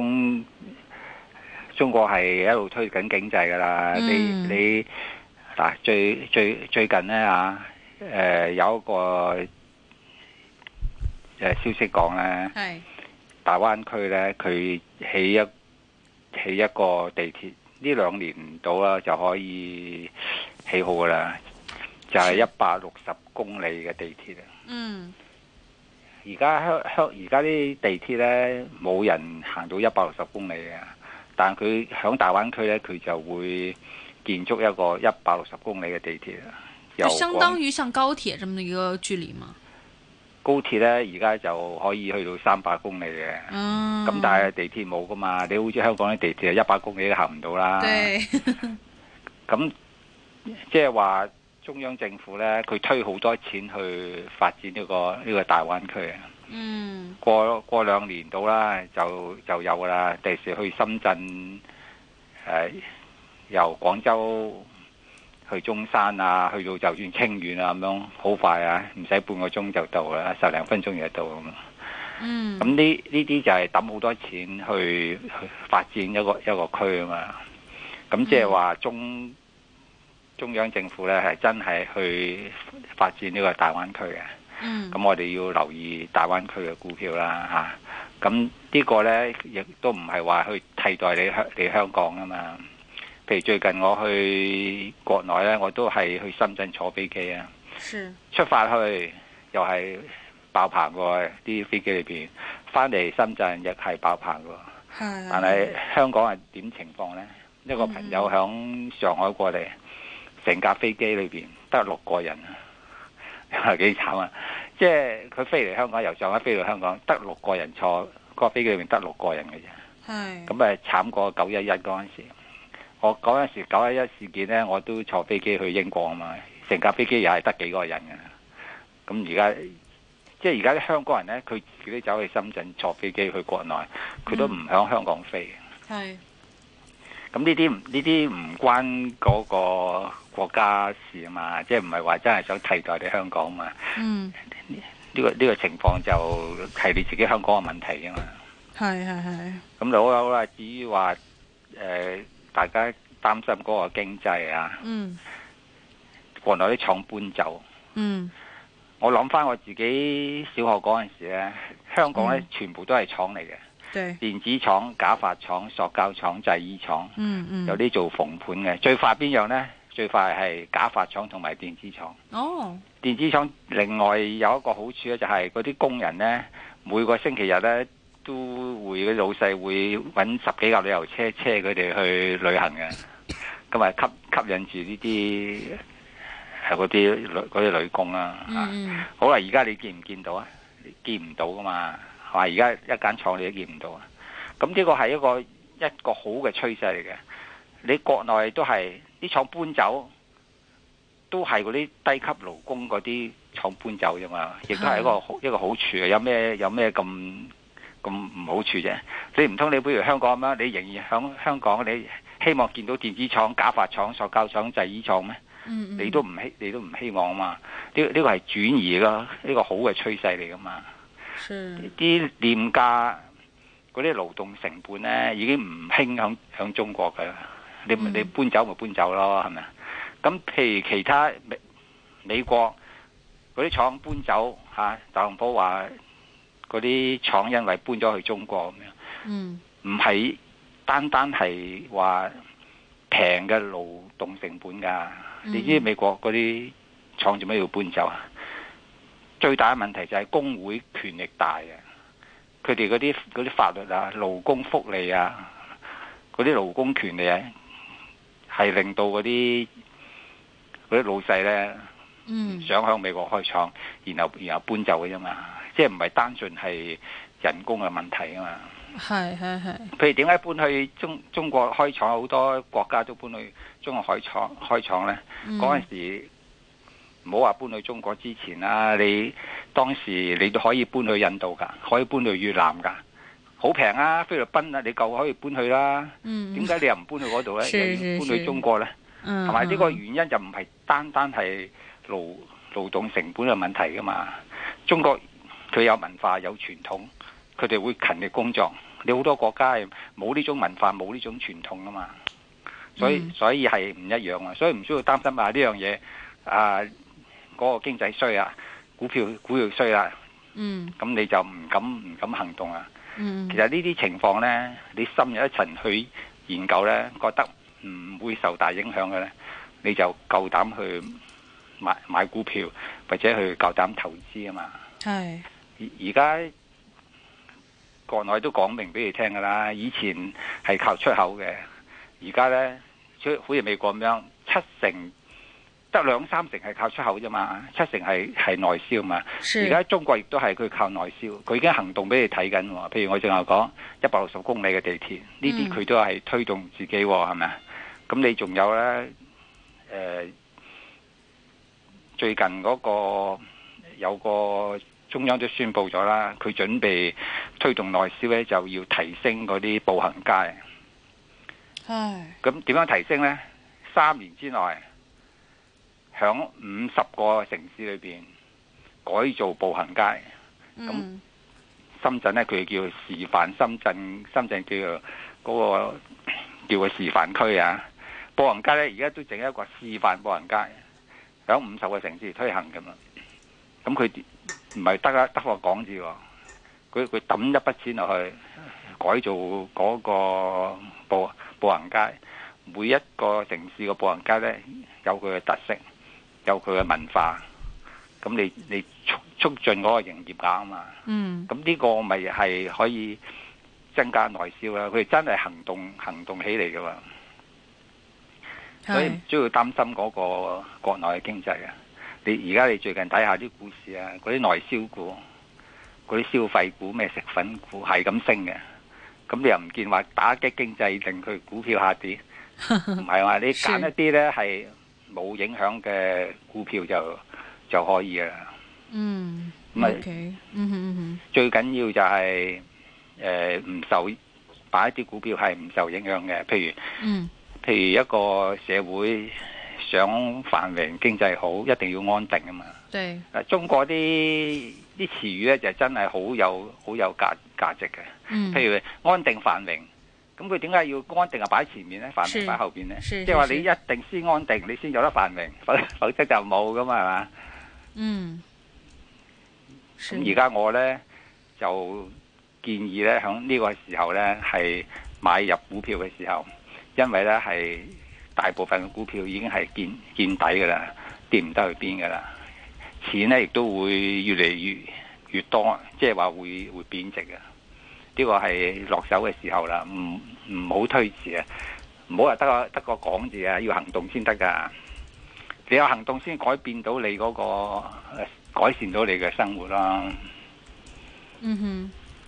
中中國係一路推緊經濟噶啦，你你嗱，最最最近呢，啊、呃，誒有一個誒消息講咧，大灣區呢，佢起一起一個地鐵呢，兩年唔到啦就可以起好噶啦，就係一百六十公里嘅地鐵啊。嗯而家香香，而家啲地鐵呢，冇人行到一百六十公里嘅，但佢喺大灣區呢，佢就會建築一個一百六十公里嘅地鐵，就相當於上高鐵咁嘅一個距離嘛。高鐵呢，而家就可以去到三百公里嘅，咁、嗯、但係地鐵冇噶嘛，你好似香港啲地鐵啊，一百公里都行唔到啦。對，咁即係話。 中央政府呢，佢推好多錢去發展呢個呢個大灣區啊！嗯、mm.，過過兩年到啦，就就有啦。第時去深圳，呃、由廣州去中山啊，去到就算清遠啊咁樣，好快啊，唔使半個鐘就到啦，十零分鐘就到咁。咁呢呢啲就係抌好多錢去去發展一個一個區啊嘛。咁即係話中。Mm. 中中央政府咧係真係去發展呢個大灣區嘅，咁、嗯、我哋要留意大灣區嘅股票啦嚇。咁、啊、呢個呢亦都唔係話去替代你香你香港啊嘛。譬如最近我去國內呢，我都係去深圳坐飛機啊，出發去又係爆棚喎，啲飛機裏邊翻嚟深圳亦係爆棚喎。係，但係香港係點情況呢、嗯？一個朋友響上海過嚟。成架飛機裏邊得六個人，又係幾慘啊！即係佢飛嚟香港，由上海飛到香港，得六個人坐，個飛機裏面得六個人嘅啫。係咁咪慘過九一一嗰陣時。我嗰陣時九一一事件呢，我都坐飛機去英國啊嘛，成架飛機又係得幾個人嘅。咁而家即係而家啲香港人呢，佢自己走去深圳坐飛機去國內，佢都唔響香港飛。係、嗯。咁呢啲呢啲唔關嗰個。國家事啊嘛，即係唔係話真係想替代你香港啊嘛？嗯，呢、這個呢、這個情況就係你自己香港嘅問題啊嘛。係係係。咁老啦，至於話誒，大家擔心嗰個經濟啊，嗯，國內啲廠搬走，嗯，我諗翻我自己小學嗰陣時咧，香港咧、嗯、全部都係廠嚟嘅，對、嗯，電子廠、假髮廠、塑膠廠、製衣廠，嗯嗯，有啲做縫盤嘅，最快邊樣咧？最快係假髮廠同埋電子廠。哦，電子廠另外有一個好處咧，就係嗰啲工人咧，每個星期日咧都會嘅，老細會揾十幾架旅遊車車佢哋去旅行嘅，咁啊吸吸引住呢啲係嗰啲女、嗰啲女工啊嚇。好啦，而家你見唔見到啊？見唔到噶嘛？係咪？而家一間廠你都見唔到啊？咁呢個係一個一個好嘅趨勢嚟嘅。你國內都係。廠搬走都係嗰啲低級勞工嗰啲廠搬走啫嘛，亦都係一個好的一個好處，有咩有咩咁咁唔好處啫？所以唔通你比如香港咁樣，你仍然響香港，你希望見到電子廠、假髮廠、塑膠廠、製衣廠咩、嗯嗯？你都唔希你都唔希望啊嘛？呢、這、呢個係、這個、轉移噶，呢、這個好嘅趨勢嚟噶嘛。啲廉價嗰啲勞動成本咧，已經唔興響響中國噶。你你搬走咪搬走咯，係咪？咁譬如其他美美國嗰啲廠搬走吓，特朗普話嗰啲廠因為搬咗去中國咁樣，嗯，唔係單單係話平嘅勞動成本噶。你知美國嗰啲廠做咩要搬走啊？最大嘅問題就係工會權力大啊！佢哋嗰啲嗰啲法律啊，勞工福利啊，嗰啲勞工權利啊。係令到嗰啲啲老細呢，嗯、想向美國開廠，然後然後搬走嘅啫嘛，即係唔係單純係人工嘅問題啊嘛。係譬如點解搬去中中國開廠，好多國家都搬去中國開廠開廠呢，嗰、嗯、陣時唔好話搬去中國之前啦，你當時你都可以搬去印度噶，可以搬去越南噶。好平啊！菲律賓啊，你夠可以搬去啦、啊。點、嗯、解你又唔搬去嗰度呢？搬去中國呢？同埋呢個原因就唔係單單係勞勞動成本嘅問題噶嘛。中國佢有文化有傳統，佢哋會勤力工作。你好多國家冇呢種文化冇呢種傳統噶嘛，所以所以係唔一樣啊。所以唔需要擔心啊呢樣嘢啊，嗰、嗰個經濟衰啊，股票股票衰啊，咁、嗯、你就唔敢唔敢行動啊。嗯，其實呢啲情況呢，你深入一層去研究呢，覺得唔會受大影響嘅呢，你就夠膽去買買股票或者去夠膽投資啊嘛。係而家國內都講明俾你聽㗎啦，以前係靠出口嘅，而家呢，好似美國咁樣，七成。得兩三成係靠出口啫嘛，七成係係內銷嘛。而家中國亦都係佢靠內銷，佢已經行動俾你睇緊喎。譬如我正話講一百六十公里嘅地鐵，呢啲佢都係推動自己喎，哦，係咪啊？咁你仲有咧？誒、呃，最近嗰、那個有個中央都宣布咗啦，佢準備推動內銷咧，就要提升嗰啲步行街。係。咁點樣提升咧？三年之內。響五十個城市裏邊改造步行街，咁深圳呢，佢叫示範深圳，深圳叫做嗰個，叫做示範區啊，步行街呢，而家都整一個示範步行街，響五十個城市推行㗎嘛。咁佢唔係得啊，得個港字喎，佢佢抌一筆錢落去改造嗰個步步行街，每一個城市個步行街呢，有佢嘅特色。有佢嘅文化，咁你你促促進嗰個營業額啊嘛，咁、mm. 呢個咪係可以增加內銷啦。佢哋真係行動行動起嚟噶嘛，所以唔需要擔心嗰個國內嘅經濟啊。你而家你最近睇下啲股市啊，嗰啲內銷股、嗰啲消費股、咩食粉股係咁升嘅，咁你又唔見話打擊經濟令佢股票下跌，唔係話你揀一啲咧係。 冇影響嘅股票就就可以㗎喇。嗯、mm, okay. mm-hmm.，嗯哼嗯，最緊要就係誒唔受，擺一啲股票係唔受影響嘅，譬如，嗯、mm.，譬如一個社會想繁榮經濟好，一定要安定啊嘛。對。中國啲啲詞語咧就真係好有好有價價值嘅。Mm. 譬如安定繁榮。咁佢點解要安定啊，擺前面呢，繁榮擺後面呢？即係話你一定先安定，你先有得繁榮，否則就冇噶嘛，係嘛？嗯，咁而家我呢，就建議呢，喺呢個時候呢，係買入股票嘅時候，因為呢，係大部分嘅股票已經係見,見底噶啦，跌唔得去邊噶啦，錢呢，亦都會越嚟越越多，即係話會會貶值㗎！呢個係落手嘅時候啦，唔唔好推遲啊，唔好話得個得個講字啊，要行動先得㗎，你有行動先改變到你嗰個改善到你嘅生活啦。嗯哼。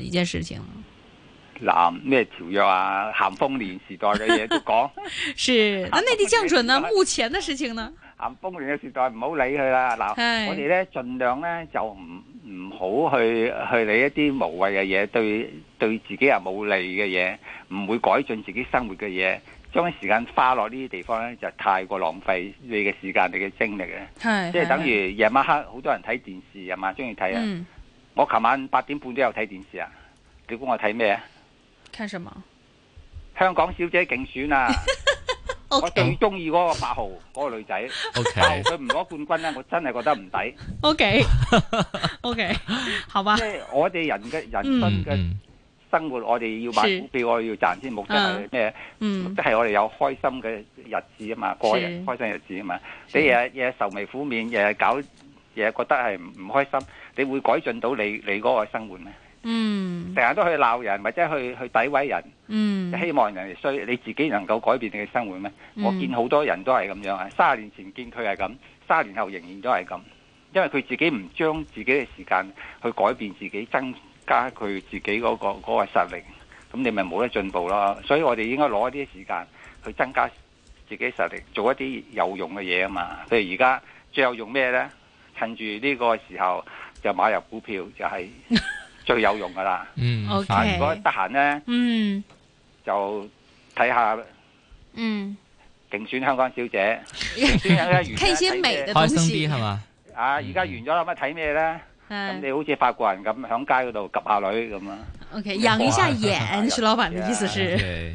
一件事情。嗱，咩條約啊，咸豐年時代嘅嘢都講。 是，那內地降準呢？目前嘅事情呢？咸豐年嘅時代唔好理佢啦。嗱，hey. 我哋咧盡量咧就唔唔好去去理一啲無謂嘅嘢，對對自己又冇利嘅嘢，唔會改進自己生活嘅嘢，將時間花落呢啲地方咧就太過浪費你嘅時間、你嘅精力嘅。係即係等於夜晚黑好多人睇電視，啊嘛，中意睇啊。我琴晚八點半都有睇電視啊！你估我睇咩啊？看什麼？香港小姐競選啊！ okay. 我最中意嗰個八號嗰個女仔。OK，佢唔攞冠軍咧， 我真係覺得唔抵。OK，OK，好嘛？即係我哋人嘅人生嘅生活， 我哋要買股票， 我哋要賺先，目的係咩？Uh, 目的係我哋有開心嘅日子啊嘛！過日開心的日子啊嘛！你日日愁眉苦面，日日搞。嘢覺得係唔唔開心，你會改進到你你嗰個生活咩？嗯，成日都去鬧人，或者去去詆毀人，嗯、mm.，希望人哋衰，所以你自己能夠改變你嘅生活咩？Mm. 我見好多人都係咁樣啊！卅年前見佢係咁，卅年後仍然都係咁，因為佢自己唔將自己嘅時間去改變自己，增加佢自己嗰個嗰個實力，咁你咪冇得進步咯。所以我哋應該攞一啲時間去增加自己實力，做一啲有用嘅嘢啊嘛。譬如而家最後用咩呢？趁住呢個時候就買入股票就係最有用噶啦。 嗯、啊、，OK，如果得閒咧，嗯，就睇下嗯競選香港小姐。睇一, 一, 一些美的東西。開心啲係嘛？啊，而家完咗啦，咁睇咩咧？咁、嗯嗯、你好似法國人咁喺街嗰度 𥄫 下女咁啊。OK，養一下眼，徐老闆嘅意思是、yeah.。 okay.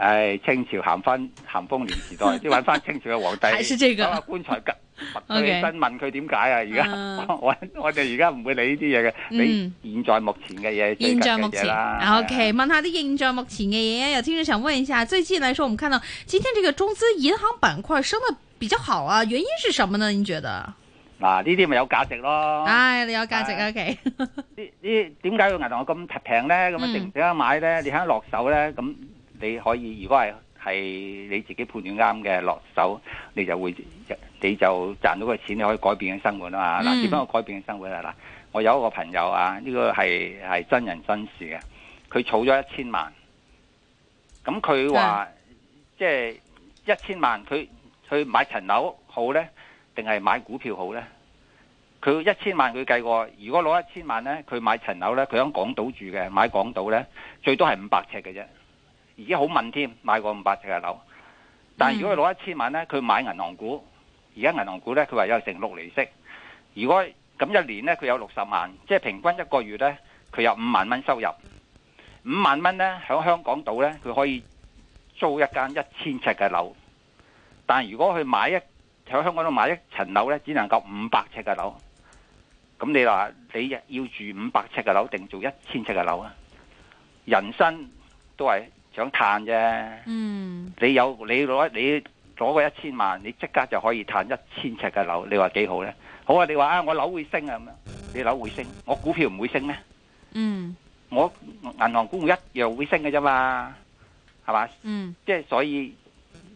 係、哎、清朝咸翻咸豐年時代，即係揾翻清朝嘅皇帝，攞、 這個、個棺材夾，okay. 問佢點解啊？而家、uh, 我我哋而家唔會理呢啲嘢嘅，你、um, 現在目前嘅嘢。現在目前啦，OK，、啊、問下啲現在目前嘅嘢啊！有聽眾想問一下，最近嚟說我們看到今天這個中資銀行板塊升得比較好啊，原因是什麼呢？你覺得？嗱，呢啲咪有價值咯？唉、哎，你有價值 ok, 呢呢點解個銀行咁平咧？咁啊，值唔、okay. 值得 買咧、嗯，你肯落手咧？咁。你可以如果係係你自己判斷啱嘅落手，你就會你就賺到個錢，你可以改變嘅生活啊嘛！嗱、mm.，點樣去改變嘅生活啊？嗱，我有一個朋友啊，呢、呢個係係真人真事嘅，佢儲咗一千萬，咁佢話：「即係一千萬，佢去買層樓好呢？定係買股票好呢？」佢一千萬佢計過，如果攞一千萬呢，佢買層樓呢，佢喺港島住嘅，買港島呢，最多係五百尺嘅啫。而家好問添，買個五百尺嘅樓。但如果佢攞一千萬呢，佢買銀行股。而家銀行股呢，佢話有成六厘息。如果咁一年呢，佢有六十萬，即係平均一個月呢，佢有五萬蚊收入。五萬蚊呢，喺香港度島呢，佢可以租一間一千尺嘅樓。但如果佢買一喺香港度買一層樓呢，只能夠五百尺嘅樓。咁你話你要住五百尺嘅樓定做一千尺嘅樓啊？人生都係～想嘆啫，你有你攞你攞個一千萬，你即刻就可以嘆一千尺嘅樓，你話幾好呢？好啊，你話啊，我樓會升啊咁樣，你樓會升，我股票唔會升咩？嗯，我銀行股一樣會升嘅啫嘛，係嘛？嗯，即係所以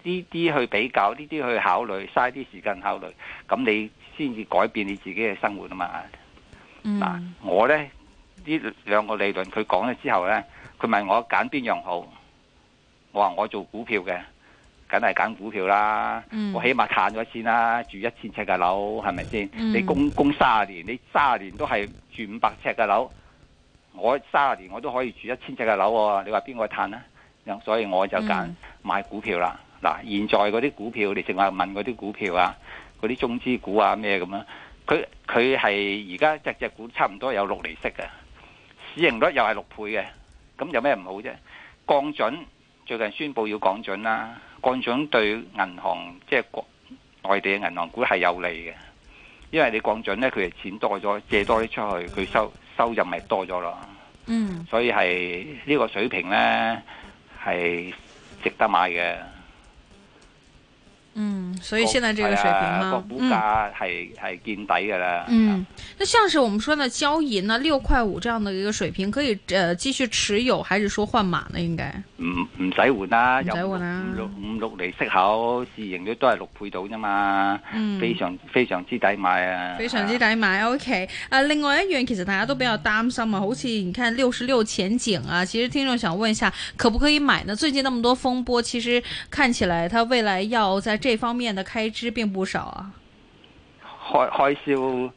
呢啲去比較，呢啲去考慮，嘥啲時間考慮，咁你先至改變你自己嘅生活啊嘛。嗱，我呢呢兩個理論，佢講咗之後呢，佢問我揀邊樣好？我話我做股票嘅，梗係揀股票啦、嗯。我起碼嘆咗先啦，住一千尺嘅樓係咪先？你供供三十年，你三十年都係住五百尺嘅樓，我三十年我都可以住一千尺嘅樓喎。你話邊個嘆啊？所以我就揀買股票啦。嗱、嗯，現在嗰啲股票，你淨係問嗰啲股票股啊，嗰啲中資股啊咩咁樣。佢佢係而家隻隻股差唔多有六厘息嘅，市盈率又係六倍嘅，咁有咩唔好啫？降準。最近宣布要降準啦，降準對銀行即係、就是、國內地嘅銀行股係有利嘅，因為你降準咧，佢哋錢多咗，借多啲出去，佢收收入咪多咗咯。嗯，所以係呢個水平咧係值得買嘅。嗯，所以現在這個水平嗎、哦、啊，股價係係見底噶啦。嗯，嗯、啊，那像是我們說呢，交銀呢六塊五這樣的一個水平，可以誒、呃、繼續持有，還是說換碼呢？應該唔唔使換啦，五六五六厘息口，市盈率都都係六倍到啫嘛、嗯，非常非常之抵買啊！非常之抵買。啊、OK，誒、啊，另外一樣，其實大家都比較擔心啊，好似你看六十六前景啊，其實聽眾想問一下，可不可以買呢？最近那麼多風波，其實看起來他未來要在。這方面的開支並不少啊，開開銷、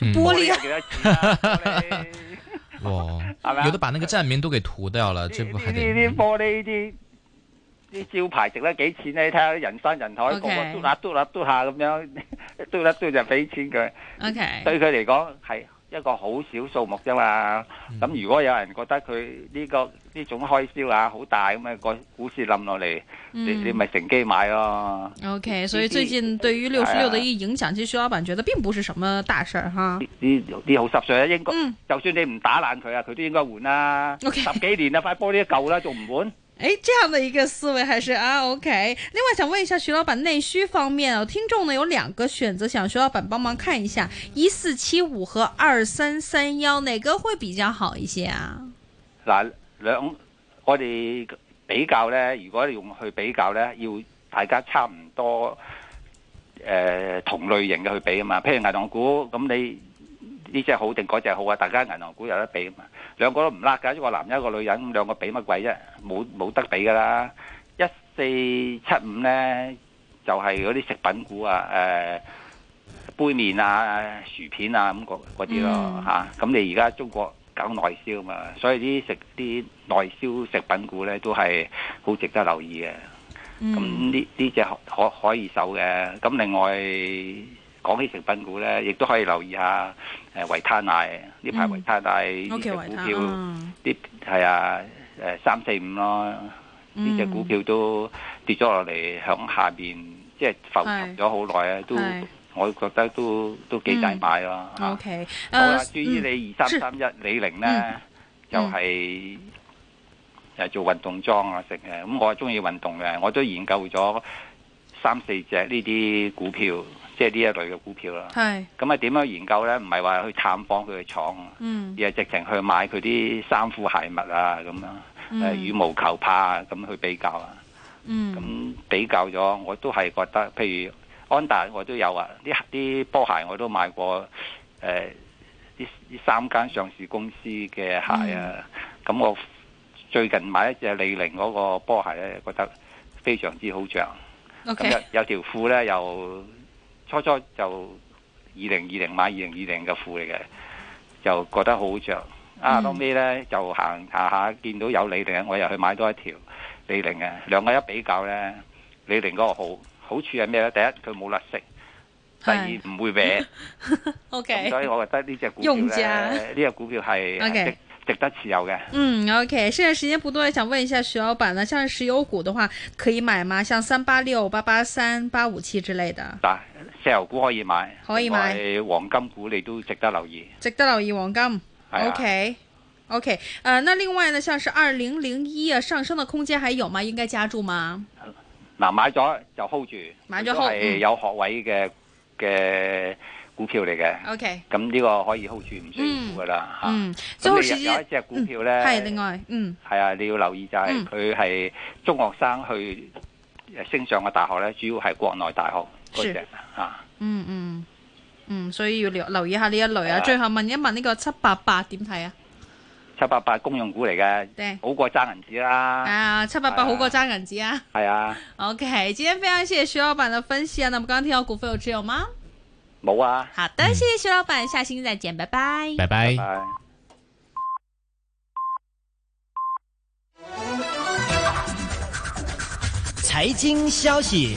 嗯、玻璃啊，哦、啊，是 吧璃、啊？ 哇 有得把那個站名都給塗掉了，呢 啲玻璃啲，這招牌值得幾錢呢？你睇下，人山人海，okay. 個個嘟下嘟下，咁樣嘟下嘟，啦嘟，啦嘟，啦嘟，啦嘟 就俾錢佢。OK，對佢嚟講係，一個好少數目啫嘛，咁如果有人覺得佢呢、這個呢種開銷啊好大咁啊，個股市冧落嚟，你你咪乘機買咯。O、okay, K，所以最近對於六十六的一影響，其實徐老闆覺得並不是什麼大事哈。呢呢好濕碎啊，應該、嗯、就算你唔打爛佢啊，佢都應該換啦、啊。O、okay、K，十幾年啦，塊玻璃都舊啦，仲唔換 哎，這樣的一個思維還是啊 OK。另外想問一下徐老闆，內需方面啊，聽眾呢有兩個選擇，想徐老闆幫忙看一下，一四七五和二三三幺哪個會比較好一些啊？嗱，兩我哋比較咧，如果你用去比較咧，要大家差唔多誒、呃、同類型嘅去比啊嘛，譬如銀行股，咁你。呢隻好定嗰隻好啊？大家銀行股有得比嘛？兩個都唔甩㗎。一個男人一個女人，兩個比乜鬼啫？冇冇得比噶啦！一四七五呢，就係嗰啲食品股啊、呃，杯麵啊、薯片啊咁嗰啲咯咁、嗯、你而家中國搞內銷嘛，所以啲食啲內銷食品股呢，都係好值得留意嘅。咁呢呢隻可可以守嘅。咁另外講起食品股呢，亦都可以留意下。維他奶呢排維他奶呢隻、嗯、股票，啲係、okay, 嗯、啊誒三四五咯呢隻、嗯、股票都跌咗落嚟，響下邊，即係浮沉咗好耐啊，都我覺得都都幾大買咯吓、嗯 okay, 好啦。至於你二三三一李寧咧就係、是、誒、嗯、做運動裝啊成嘅。咁我係中意運動嘅，我都研究咗三四隻呢啲股票。即係呢一類嘅股票啦。係咁啊，點樣研究呢？唔係話去探訪佢嘅廠，嗯、而係直情去買佢啲衫褲鞋襪啊，咁樣誒、嗯、羽毛球拍啊，咁去比較啊。咁、嗯、比較咗，我都係覺得，譬如安踏我都有啊，啲啲波鞋我都買過。誒、呃，呢呢三間上市公司嘅鞋啊，咁、嗯、我最近買一隻李寧嗰個波鞋呢，覺得非常之好着。Okay. 有有條褲咧又。初初就二零二零買二零二零嘅褲嚟嘅，就覺得好着。啊。當尾咧就行下下，見到有李寧，我又去買多一條李寧嘅。兩個一比較咧，李寧嗰個好好處係咩咧？第一佢冇甩色，第二唔會歪。嗯、o、okay、K，所以我覺得呢隻股票咧，呢隻、這個、股票係值、okay、值得持有嘅。嗯，O K。剩、okay、下時間不多，想問一下徐老闆啦，像石油股的話可以買嗎？像三八六、八八三、八五七之類的。石油股可以買，可以買黃金股你都值得留意。值得留意黃金。OK，OK、啊。誒、okay. okay.，uh, 那另外呢，像是二零零一啊，上升嘅空間還有嗎？應該加注嗎？嗱，買咗就 hold 住，咗係有學位嘅嘅、嗯、股票嚟嘅。OK，咁呢個可以 hold 住唔需要沽噶啦。吓、嗯，咁、嗯啊、你有一隻股票呢，係另外，嗯，係啊，你要留意就係佢係中學生去升上嘅大學呢，主要係國內大學。嗰隻啊，嗯嗯嗯，所以要留留意下呢一類啊,啊。最後問一問呢個七八八點睇啊？七八八公用股嚟嘅，好過爭銀紙啦。啊，七八八好過爭銀紙啊。係啊,啊。OK，今日非常謝謝徐老闆嘅分析啊。咁我今日聽我股飛有追有嗎？冇啊。好的，謝謝徐老闆，嗯，下星期再見，拜拜。拜拜。財經消息。